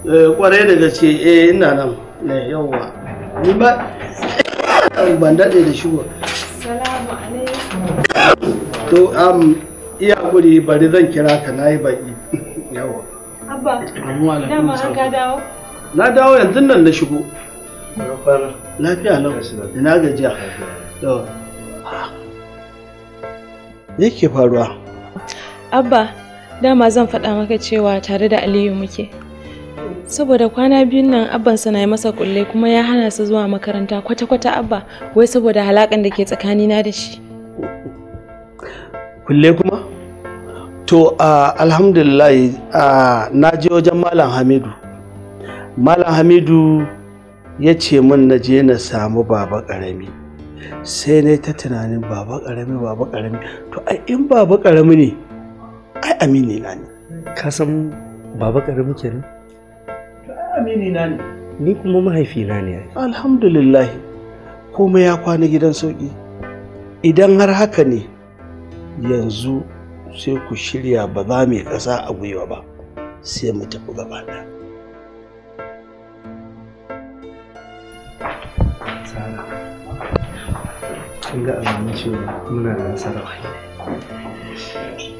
Eh, kwarai da gaske eh ina nan ne yawwa ni ba ban daɗe da shigo salamu alaikum to am iya guri bari zan kira ka nayi baki yawwa abba dama an ka dawo na dawo yanzu nan na shigo lafiya lau ina gajiya yawwa yake faruwa abba dama zan faɗa maka cewa tare da aliyu muke saboda kwana biyun nan abbansa na yi masa kulle kuma ya hana sa zuwa makaranta kwata-kwata abba wai saboda halakan da ke tsakanina da shi kulle kuma to alhamdulillah na je wajen malam hamidu malam hamidu ya ce min na je na samu baba karami sai na ta tunanin baba karami baba karami to ai in baba karami ne ai amini na ne ka san baba karami kenan amini na ne ni kuma mahaifina ne alhamdulillah komai ya kwana gidan sauki idan har haka ne yanzu sai ku shirya ba za mu ƙasa a gwiwa ba sai mu tafi gaba cewa muna da nasara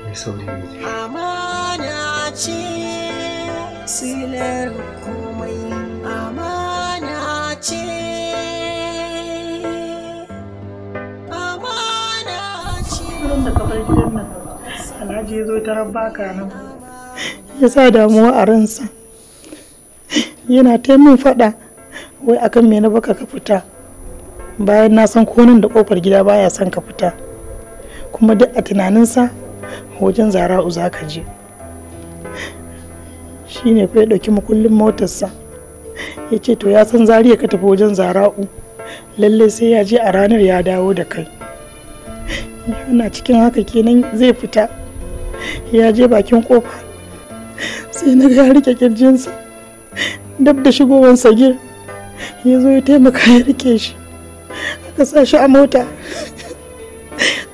mai sauri ne silar komai amana ce amana ce kullum da kafar gidan nan alhaji ya zo nan ya sa damuwa a ransa yana ta min faɗa wai akan me na baka ka fita bayan na san konin da kofar gida baya son ka fita kuma duk a tunaninsa wajen zara'u za ka je. Shi ne fa ya ɗauki makullin motarsa ya ce to ya san zariya ka tafi wajen zara'u lalle sai ya je a ranar ya dawo da kai yana cikin haka kenan zai fita ya je bakin kofa sai na ga rike kirjinsa dab da shigowar gir ya zo ya taimaka ya rike shi aka sa shi a mota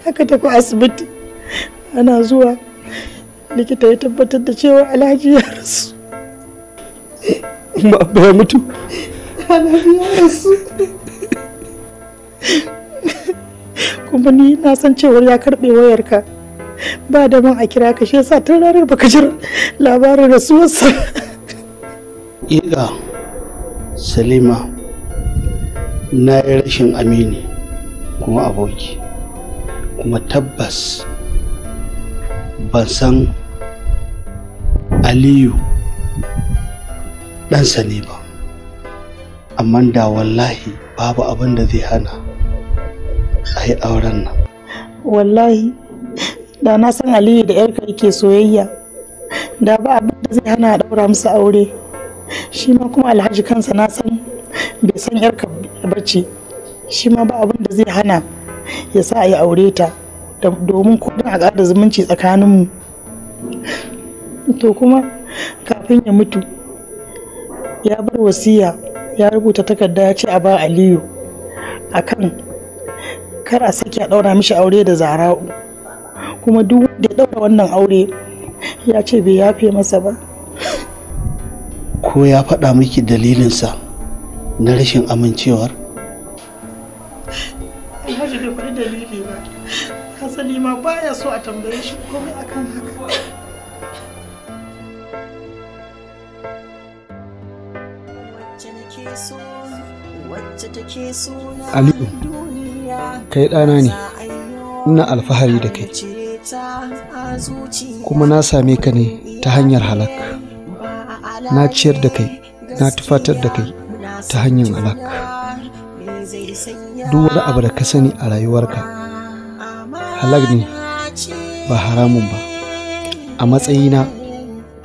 aka tafi asibiti ana zuwa likita ya tabbatar da cewa alhaji ya rasu mutu ana biya su kuma ni na san cewar ya karɓe wayarka ba da man a kira ka shi yasa tun ranar baka jira labarin rasuwarsa Ila Salima na yi rashin amini kuma aboki kuma tabbas ban san Aliyu ɗansa ne ba amma da wallahi babu abin da zai hana a yi auren nan wallahi da na san aliyu da yarka yake soyayya da ba abin da zai hana a ɗaura musu aure shi ma kuma alhaji kansa na san bai san yarka bace shi ma ba abin da zai hana ya sa a yi aure ta domin kudin a ƙara zumunci tsakaninmu to kuma kafin ya mutu ya bar wasiya ya rubuta takarda ya ce a ba aliyu a kan kar a sake a ɗaura mishi aure da zara'u kuma duk wanda ya ɗaura wannan aure ya ce bai yafe masa ba ko ya faɗa miki dalilinsa na rashin amincewar? Alhaji bai faɗi dalili ba, hasali ma baya so a tambaye shi komai akan haka. Aliyu, kai ɗana ne, ina alfahari da kai, kuma na same ka ne ta hanyar halak. Na ciyar da kai, na tufatar da kai ta hanyar halak. Duk wani abu da ka sani a rayuwarka, halak ne ba haramun ba, a matsayina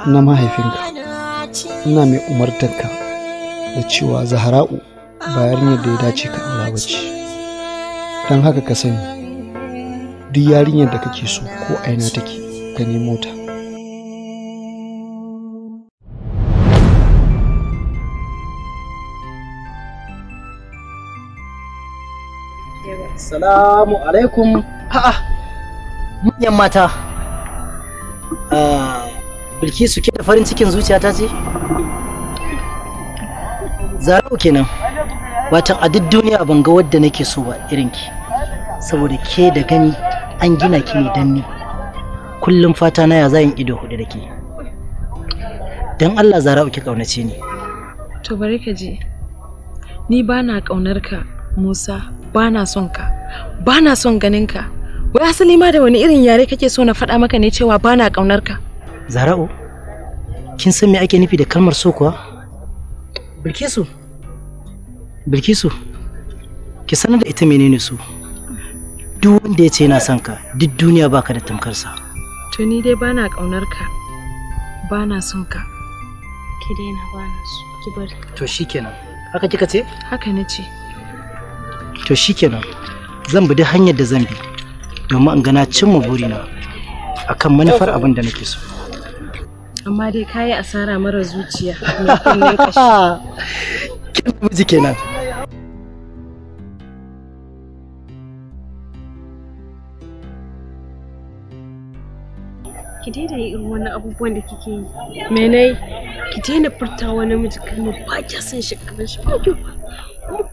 na mahaifinka, ina mai ka. da cewa Zahra'u ba yarinyar da ya dace ka aura ba ce don haka ka sani duk yarinyar da kake so ko aina take ka nemo ta Salamu alaikum. Ha'a, manyan mata. Ah, Bilkisu ke da farin cikin zuciyata ce? zarau kenan watan a duk duniya ban ga wadda nake so ba irin ki saboda ke da gani an gina ki ne dan ni kullum fata na ya za yin ido hudu da ke dan Allah zarau ki kaunace ni to bari ka je ni ba na kaunar ka Musa ba na son ka ba na son ganin ka wai asali ma da wani irin yare kake so na faɗa maka ne cewa ba na kaunar ka zara'u kin san me ake nufi da kalmar so kuwa Bilkisu. Bilkisu. Ki sanar da ita menene su. Duk wanda ya ce yana son ka, duk duniya baka da tamkarsa. To ni dai bana kaunar ka. Bana son ka. Ki daina bana su, ki bari. To shikenan. Haka kika ce? Haka na ce. To shikenan. Zan bi duk hanyar da zan bi domin in gana cimma burina akan manufar abin da nake so. amma dai kayi asara mara zuciya kin miji kenan ki daina yi irin wani abubuwan da kike yi menai ki daina furtawa kai kalmar ba kya son shi kamar shi ba kuma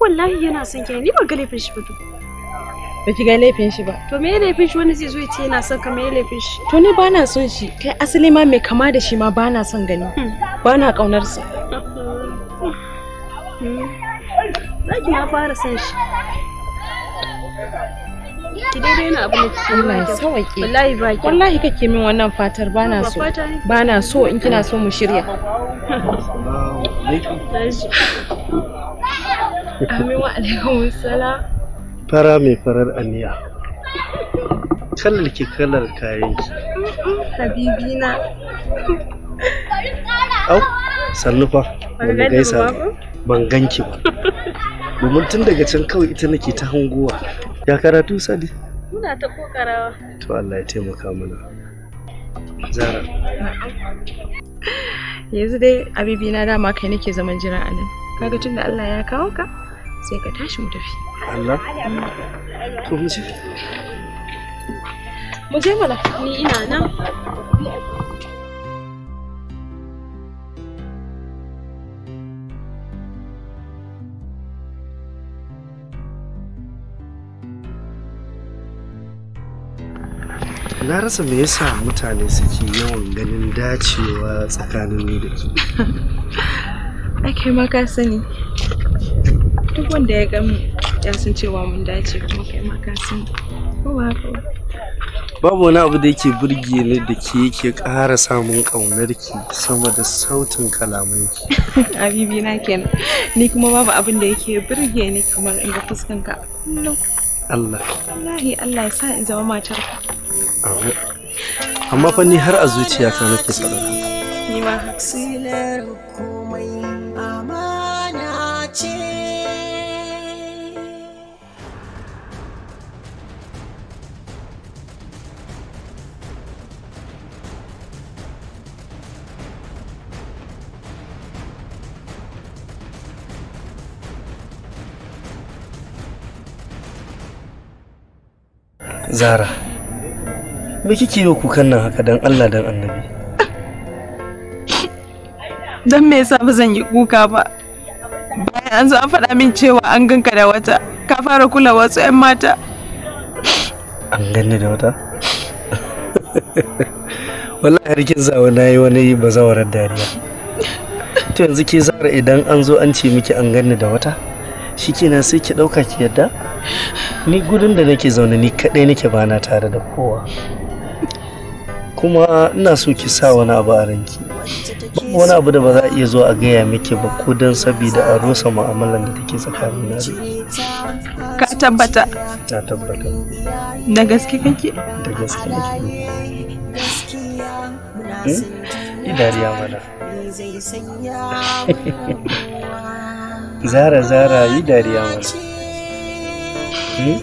wallahi yana son ki ni ba ga laifin shi ba duk ba ki ga laifin shi ba to me laifin shi wani zai zo ya ce yana son ka me laifin shi to ni bana son shi kai asali ma mai kama da shi ma bana son gani hmm. bana kaunar sa hmm. zaki ma fara son shi ki dai dai na abin da kike Allah ya sauke wallahi ba ki wallahi kake min wannan fatar bana so bana so in kina so mu shirya Amin wa alaikum salam fara mai farar aniya kalar ke kalar kayan ki habibina au sannu fa ban gaisa ban ganki ba domin tun daga can kawai ita nake ta hanguwa. ya karatu sadi muna ta kokarawa to Allah ya taimaka mana zara yanzu dai abibina dama kai nake zaman jira anan nan kaga tunda Allah ya kawo ka sai ka tashi mu tafi Allah to mu je mu je mana ni ina nan na rasa me yasa mutane suke yawan ganin dacewa tsakanin ni da ke. Ake ma ka sani duk wanda ya gami ya san cewa mun dace kuma kai ma ka san ko ba babu wani abu da yake burge ni da ke yake ƙara samun ƙaunarki sama da sautin kalamanki habibi na kenan ni kuma babu abin da yake burge ni kamar in ga fuskanka kullum Allah wallahi Allah ya sa in zama matarka amin amma fa ni har a zuciyata nake sarrafa ni ma haka Zara, me kike yi kukan nan haka dan Allah dan annabi? Dan me yasa ba zan yi kuka ba? Bayan an zo an faɗa min cewa an ganka da wata, ka fara kula wasu 'yan mata. An ganni da wata? Wallahi harkin zawo na yi wani bazawarar dariya. To yanzu ke zara idan an zo an ce miki an ganni da wata? Shikenan sai ki ɗauka ki yadda? ni gudun da nake zaune ni kaɗai nake bana tare da kowa kuma ina so ki sa wani abu a ranki wani abu da ba za a iya zuwa a gaya miki ba ko don saboda a rusa mu'amalar da take tsakanin na ka tabbata na tabbata da gaske kake da gaske kake idariya hmm? hmm? mana zara zara yi dariya mana Ya haƙuri.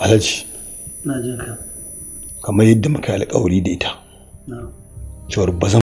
Alhaji. Na jinka Kamar yadda muka alƙawari da ita. चोर बजम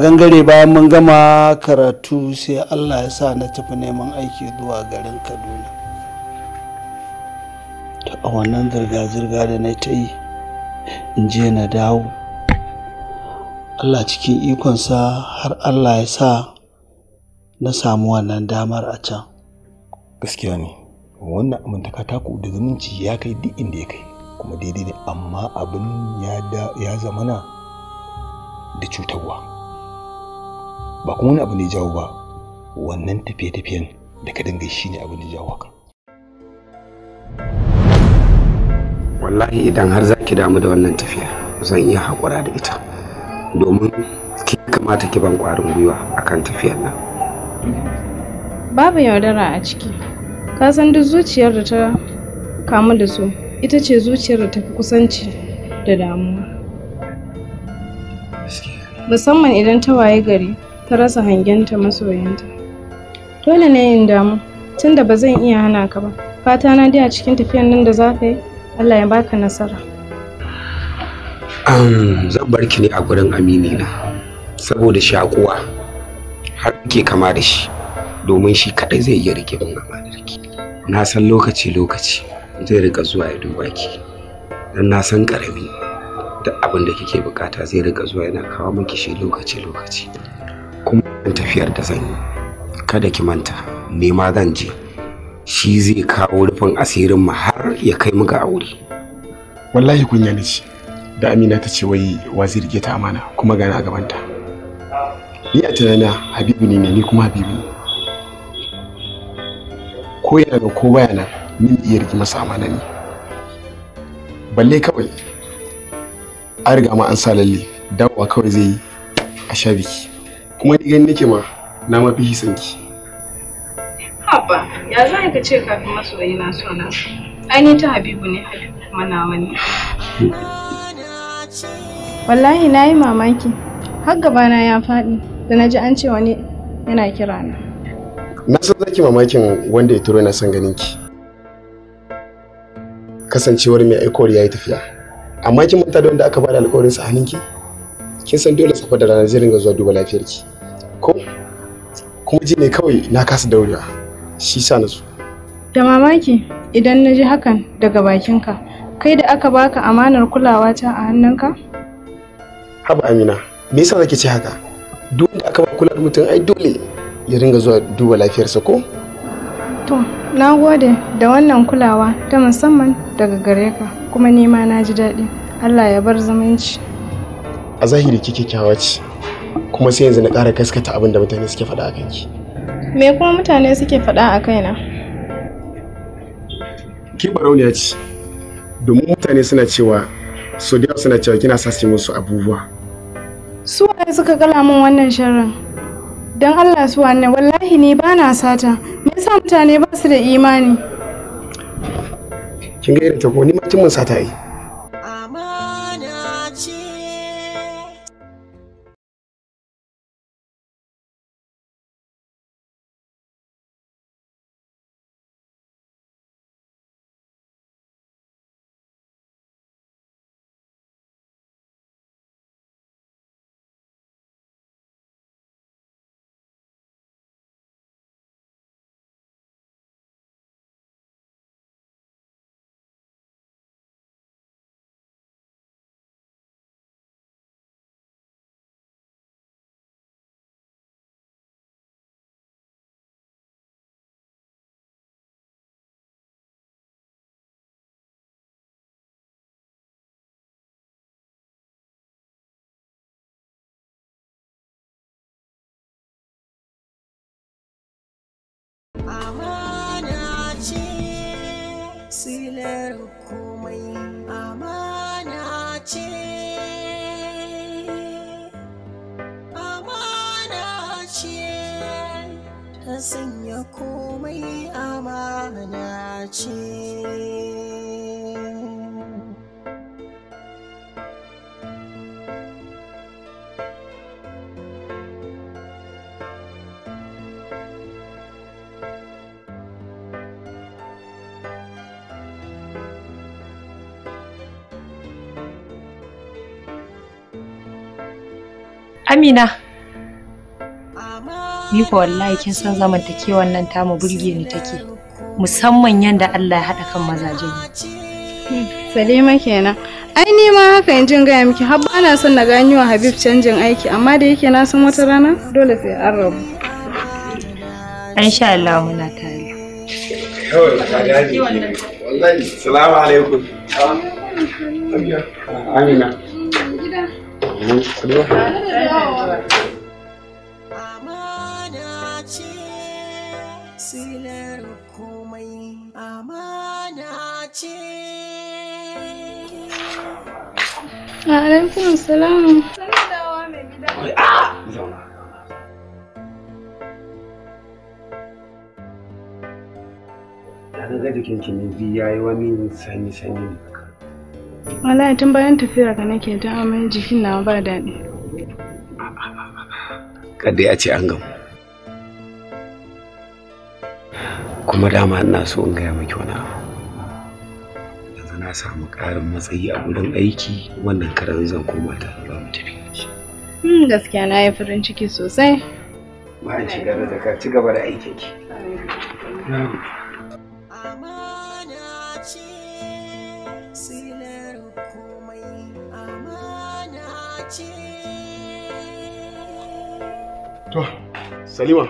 gangare bayan mun gama karatu sai allah ya sa na tafi neman aiki zuwa garin kaduna ta a wannan zirga-zirga da na ta yi in je na dawo allah cikin ikonsa har allah ya sa na samu wannan damar a can gaskiya ne wannan amintaka katako da zumunci ya kai duk inda ya kai kuma daidai ne amma abin ya zamana da cutarwa ba kuma wani abu ne jawo ba wannan tafiye-tafiyen da ka dinga shi ne abu ne jawo ka wallahi idan har za ki damu da wannan tafiya zan iya haƙura da ita domin ki kamata ki ban ƙwarin gwiwa akan tafiyar nan babu yaudara a ciki ka san duk zuciyar da ta kamu da su ita ce zuciyar da ta fi kusanci da damuwa musamman idan ta waye gari ta rasa hangenta masoyanta. Dole ne in damu, tunda ba zan iya hana ka ba. Fata na dai a cikin tafiyan nan da za ka yi, Allah ya baka nasara. Um, zan bar ki ne a gurin amini na, saboda shakuwa har ke kama da shi, domin shi kaɗai zai iya rike min amanar ki. Na san lokaci-lokaci zai rika zuwa ya duba ki, don na san ƙarami. duk abin da kike bukata zai rika zuwa yana kawo miki shi lokaci-lokaci. kuma tafiyar da zan yi kada ki manta ma zan je shi zai kawo rufin asirin mu har ya kai mu ga aure wallahi kunya ne ce da amina ta ce wai wazir ke ta amana kuma gana a gabanta ni a na habibu ne ni kuma habibu ne ko yana ga ko baya nan min iya rigi masa amana ne balle kawai an riga ma an sa lalle dawa kawai zai yi a sha biki kuma ni gani nake ma na mafi hisan ki haba ya za ka ce kafin masoyi na so na ai ta habibu ne kuma na wani wallahi na yi mamaki har gaba na ya faɗi da na ji an ce wani yana kira na na san zaki mamakin wanda ya turo na san ganin ki kasancewar mai aikowar ya yi tafiya amma kin manta da wanda aka bada alƙawarin sa ki? kin san dole safa da ranar zai ringa zuwa duba lafiyarki kuma ji ne kawai na kasa daurewa shi sa na zo da mamaki idan na ji hakan daga bakinka kai da aka baka amanar kulawa ta a hannunka haba amina me yasa nake ce haka duk da aka ba kula da mutum ai dole ya ringa zuwa duba lafiyarsa ko to na gode da wannan kulawa ta musamman daga gare ka kuma nima na ji daɗi allah ya bar zumunci a zahiri kike kyawa ce kuma sai yanzu na ƙara gaskata abin da mutane suke faɗa a kanki me kuma mutane suke faɗa a kaina ki barauniya ce domin mutane suna cewa so da suna cewa kina sace musu abubuwa su waye suka kala min wannan sharrin don Allah su wanne wallahi ni ba na sata me yasa mutane ba su da imani kin ga irin ta ko ni ma kin mun sata yi amana ce silar komai amana ce amana ce ta sanya komai amana ce Amina. Ni wallahi kin san zamantakewar nan ta mu burge ni take. Musamman yanda Allah ya haɗa kan mazaje. Hmm, Salima kenan. Ai ni ma haka in jin gaya miki har na son na gani wa Habib canjin aiki amma da yake na san wata rana dole sai an rabu. Insha Allah muna tare. Kawai ka Wallahi salamu alaikum. Amina. kulewa amana ce da komai amana ce alaikum salam Na ga jikin ki ne yayi wani sanyi sanyi ne. wallahi tun bayan tafiyar ka nake ta amai jikin na ba daɗi kadai a ce an gamu kuma dama ina so in gaya miki wani abu yanzu na samu ƙarin matsayi a wurin aiki wannan karan zan koma ta ba mu tafi hmm, gaskiya na yi farin ciki sosai ba ci gaba da ka ci gaba da aikinki. ki Salima,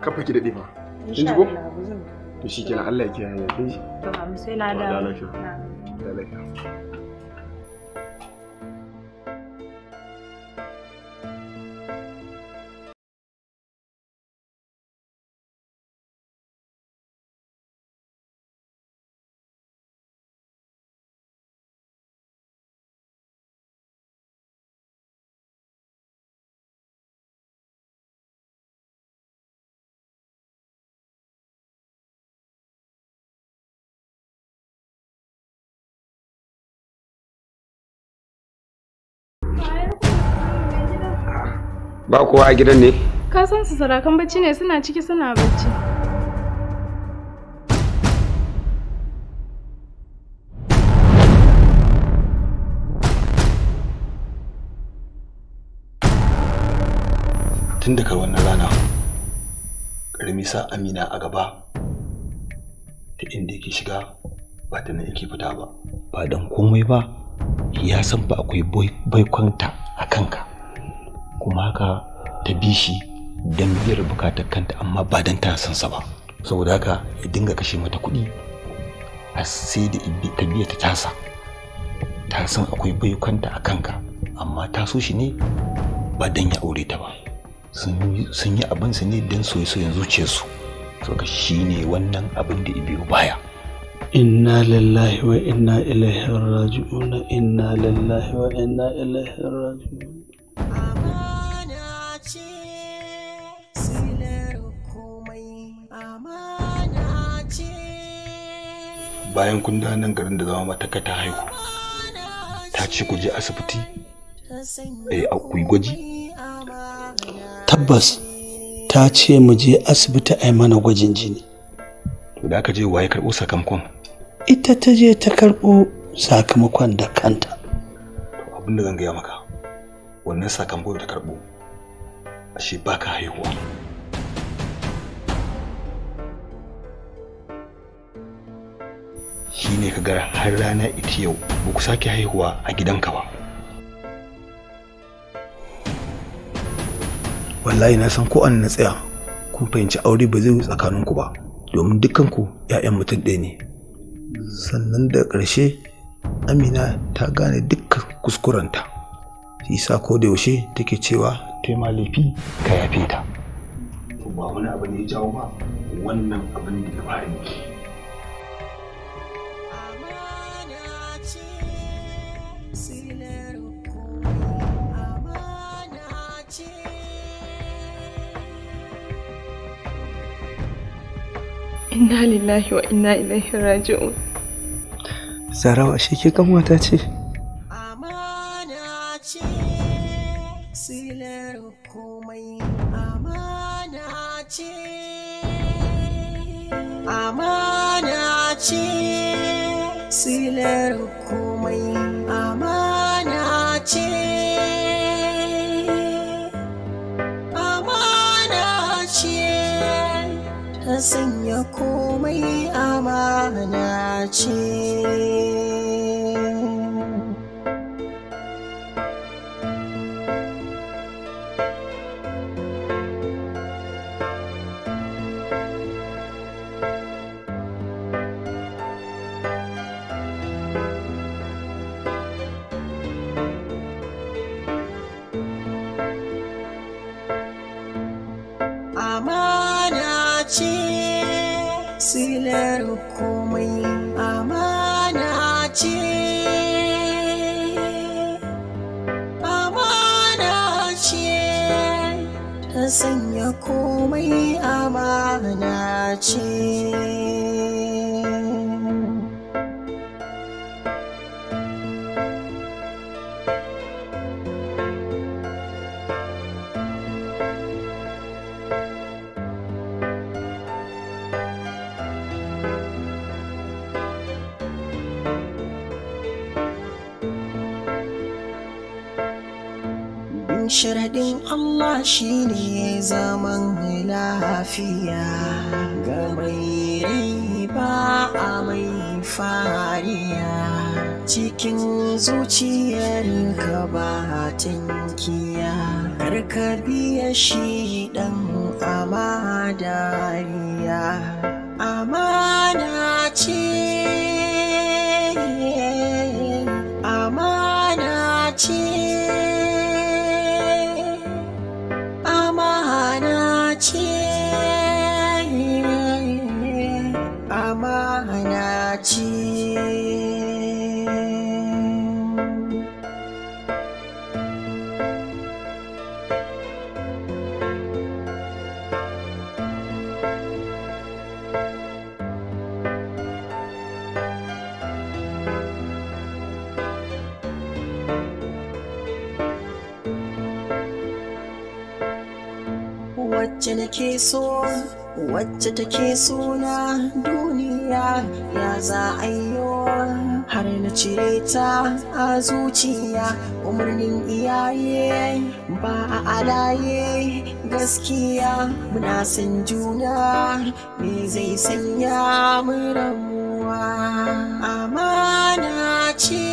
kafa ki daɗe fa. Kin ko? To shi kenan Allah ya kiyaye. Kin To Ba kowa a gidan ne? Ka san su sarakan bacci ne suna ciki suna bacci. Tun daga wannan rana, ƙarami sa Amina a gaba ta inda yake shiga ba ta nan yake fita ba, ba don komai ba ya san ba akwai baikonta a kanka. kuma haka ta bi shi don biyar bukatar kanta amma ba don ta san ba saboda haka ya dinga kashe mata kuɗi a sai da ta biya ta tasa ta san akwai baikonta a kanka amma ta so shi ne ba don ya aure ta ba sun yi su ne don soye-soyen zuciyarsu ka shi ne wannan abin da biyo baya inna lillahi wa inna ilaihi raji'un inna lillahi wa inna ilaihi raji'un bayan kun da nan garin da zama mataka ta haihu ta ce ku je asibiti eh, a ku gwaji tabbas ta ce mu je asibiti a mana gwajin jini to da aka je waye karɓo sakamakon ita ta je ta karɓo sakamakon da kanta abin da zan gaya maka wannan sakamakon da ta karɓo ashe baka haihuwa ne ka gara har rana ita yau ba ku sake haihuwa a gidanka ba wallahi na san ko an na tsaya kun fahimci aure ba zai tsakaninku ba domin dukanku 'ya'yan mutum ɗaya ne sannan da ƙarshe amina ta gane dukkan kuskurenta isa ko da yaushe take cewa ta ma laifi ka yafe ta ba wani abu ne ya jawo ba wannan abin da ya fara miki inna lillahi wa inna ilaihi raji'un Sarawa shi ke kanwata ce Jesus. sharaɗin Allah shi ne zaman lafiya ga mai riba a mai fariya cikin zuciyar ka ba tankiya biya shi ɗan amadariya amana ce so wacce take suna duniya ya za a har na cire ta a zuciya umarnin iyaye ba a alaye gaskiya muna san juna me zai sanya mu ramuwa amana ce